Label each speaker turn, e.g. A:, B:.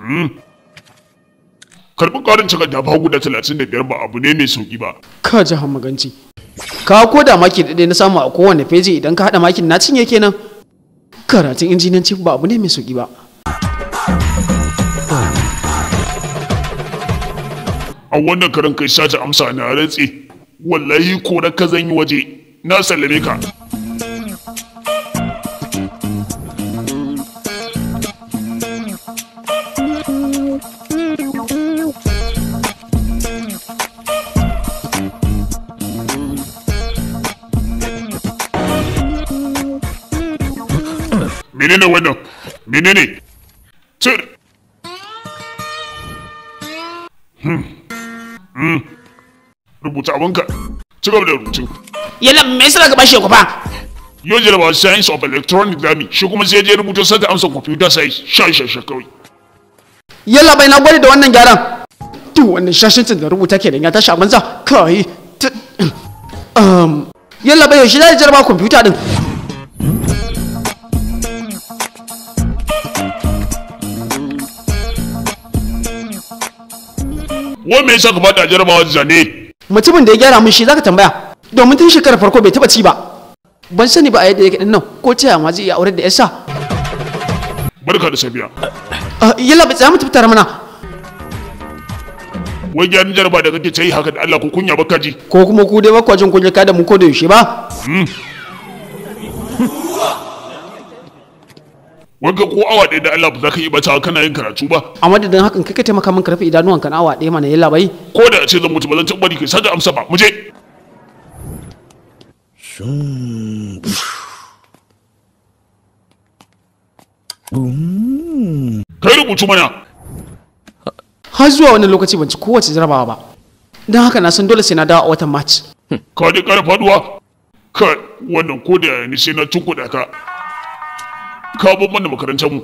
A: Hmm. karin ƙarin takarda fa guda talatin da biyar ba abu ne mai sauƙi
B: ba ka ji hamaganci ka ko da maki ɗaya na samu a kowane feji idan ka haɗa makin na cinye kenan karatun injinanci ba abu ne mai sauƙi ba a wannan
A: karin kai sace amsa na rantse wallahi ko da ka zan yi waje na sallame ka menene wannan menene cir hmm. hmm. rubuta abinka ci gaba da rubutu yalla me yasa ka bashi kwafa yau ba science of electronic dami shi kuma sai je rubuta sai ta amsa computer science sha sha
B: sha kawai yalla bai na gode da wannan gyaran duk wannan shashincin da rubuta ke da ya tashi a banza kai um yalla bai yaushe jira ba computer din
A: wai me yasa a jarraba
B: jarabawar zane mutumin da ya gyara mun shi zaka tambaya domin tun shekarar farko bai taba ci ba ban sani ba a yadda yake din nan ko ta ma zai iya aure da yasa
A: barka da safiya
B: ah, yalla ba tsaya mu tafi tare mana
A: wai gyaran jarraba da kake tsayi haka da Allah ko kunya baka ji
B: ko kuma ku dai bakwajin kunya ka da mu ko da yaushe ba hmm.
A: wanka ko awa ɗaya da Allah ba za ka yi ba ta kana yin karatu ba
B: a madadin hakan kai ka taimaka min ka rufe idanuwanka na awa ɗaya mana yalla bai
A: ko da ce zan mutu ba zan taɓa bari kai da amsa ba mu je
B: kai rubutu mana har zuwa wannan lokaci ban ci kowace jarabawa ba don haka na san dole sai na dawo a watan march ka dai ƙara faduwa kai wannan
A: ko da ni sai na tukuɗa ka kawo babban da makarantar mu